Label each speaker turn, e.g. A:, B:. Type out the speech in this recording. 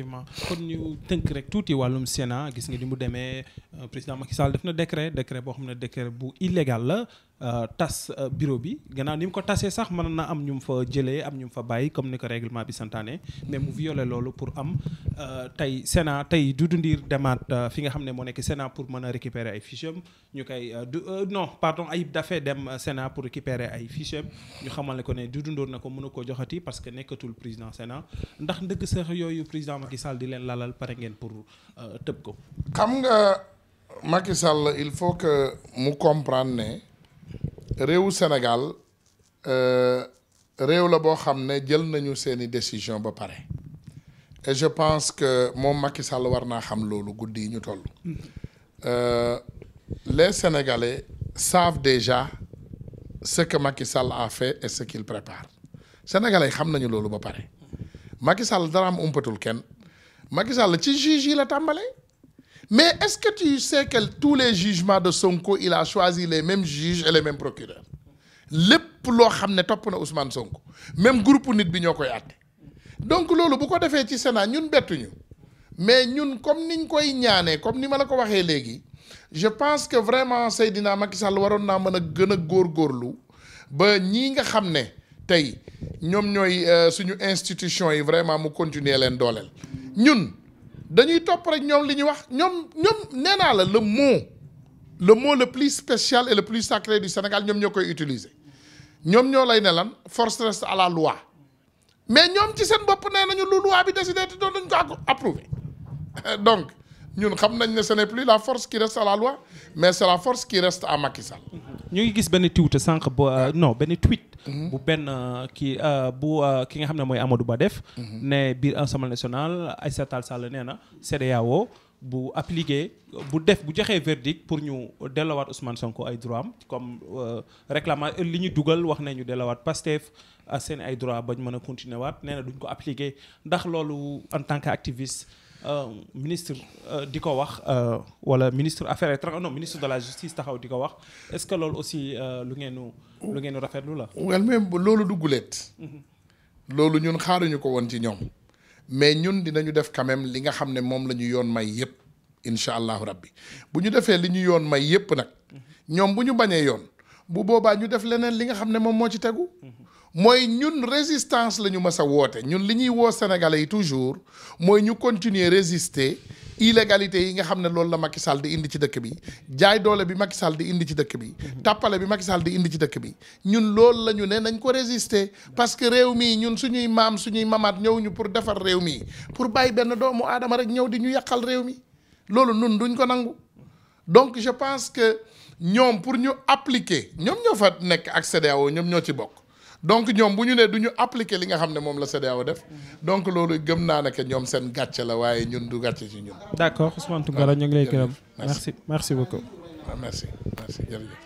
A: effectivement kon ñu tënk rek tuuti wàllum Sénat gis nga ni mu demee euh, président Macky Sall def na décret décret boo xam ne décret bu illégal la Euh, tas euh, bureau bi gannaaw ni mu ko tasee sax mën na am ñu mu fa jële am ñu mu fa bàyyi comme ni ko réglement bi santaane mais mu violé loolu pour am euh, tey Sénat tey du Ndir demaat fi nga xam ne moo nekk Sénat pour mën a récupérer ay fiches ñu koy du non dem Sénat pour récupérer ay fiches ñu xamal ne ko ne du Ndour na ko mën a koo joxati parce que nekkatul président Sénat ndax ndëgg sax yooyu président Macky Sall di leen lalal pare ngeen pour tëb ko.
B: xam nga Macky il faut que mu comprendre ne. réewu Sénégal euh, réew la boo xam ne jël nañu seeni décision ba pare et je pense que moom Macky Sall war naa xam loolu guddi yi ñu toll euh, les Sénégalais save déjà ce que Macky Sall a fait et ce qu'il prépare Sénégalais xam nañu loolu ba pare Macky Sall dara am umpatul kenn Macky Sall ci juge yi la tàmbalee. Mais est-ce que tu sais que tous les jugements de Sonko il a choisi les même juges et les mêmes procureurs lépp loo xam ne topp na Ousmane Sonko même groupe nit bi ñoo koy àtte donc loolu bu ko defee ci Sénat ñun bettuñu mais ñun comme niñ koy ñaanee comme ni ma la ko waxee léegi je pense que vraiment dina Macky Sall waroon naa mën a gën a góor góorlu ba ñii nga xam ne tey ñoom ñooy euh, suñu institution yi vraiment mu continuer leen dooleel ñun. dañuy topp rek ñoom li ñuy wax ñoom ñoom nee naa la le mot le mot le plus spécial et le plus sacré du Sénégal ñoom ñoo koy utiliser ñoom ñoo lay ne lan force reste à la loi mais ñoom ci seen bopp nee nañu lu loi bi décidé te doon dañ ko approuvé donc ñun xam nañ ne ce n'est plus la force qui reste à la loi mais c'est la force qui reste à Macky Sall.
A: ñu ngi gis benn tweet sànq ba euh, non benn tweet. Mhm. bu benn euh, kii euh, bu ki nga xam ne mooy Amadou Ba def. Mhm. ne biir Assemblée nationale Aïssata Tall Sall nee na CEDEAO bu appliqué bu def bu joxee verdict pour ñu dellowaat Ousmane Sonko ay droit am comme réclamant li ñu dugal wax ne ñu dellowaat Pastef seen ay droit ba mën a continuer waat nee duñ ko appliqué ndax loolu en tant que activiste. Euh, ministre euh, di ko wax euh, wala ministre affaire étrangères non ministre de la justice taxaw di ko wax est-ce que loolu aussi lu ngeenu lu ngeenu rafetlu la wel même
B: loolu du guléet loolu ñun xaaruñu ko woon ci ñoom mais ñun dinañu def quand li nga xam ne moom la ñu yoon may yëpp incha allahu rabbi bu ñu defee li ñu yoon may yëpp nag ñoom bu ñu bañee yoon bu boobaa ñu def leneen li nga xam ne moom moo ci tegu mooy ñun résistance la ñu mës a woote ñun li ñuy woo sénégalais yi toujours mooy ñu continuer résister illégalité yi nga xam ne loolu la Macky Sall di indi ci dëkk bi jaay doole bi Macky Sall di indi ci dëkk bi mhm. tàppale bi Macky Sall di indi ci dëkk bi ñun loolu la ñu ne nañ ko résister parce que réew mii ñun suñuy maam suñuy mamaat ñëw ñu pour defar réew mii pour bàyyi benn doomu aadama rek ñëw di ñu yàqal réew mi loolu nun duñ ko nangu donc je pense que ñoom pour ñu appliquer ñoom ñoo fa nekk ak CEDEAO ñoom ñoo ci bokk donc ñoom bu ñu nee du ñu appliquer li nga xam ne moom la a def donc loolu gëm naa ne que ñoom seen gàcce la waaye ñun du gàcce ci ñun.
A: d'accord Ousmane Tounkara ñu ngi lay gërëm. merci merci beaucoup. Ah,
B: merci merci